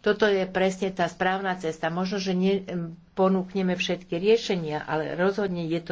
toto je presne tá správna cesta. Možno, že neponúkneme všetky riešenia, ale rozhodne je to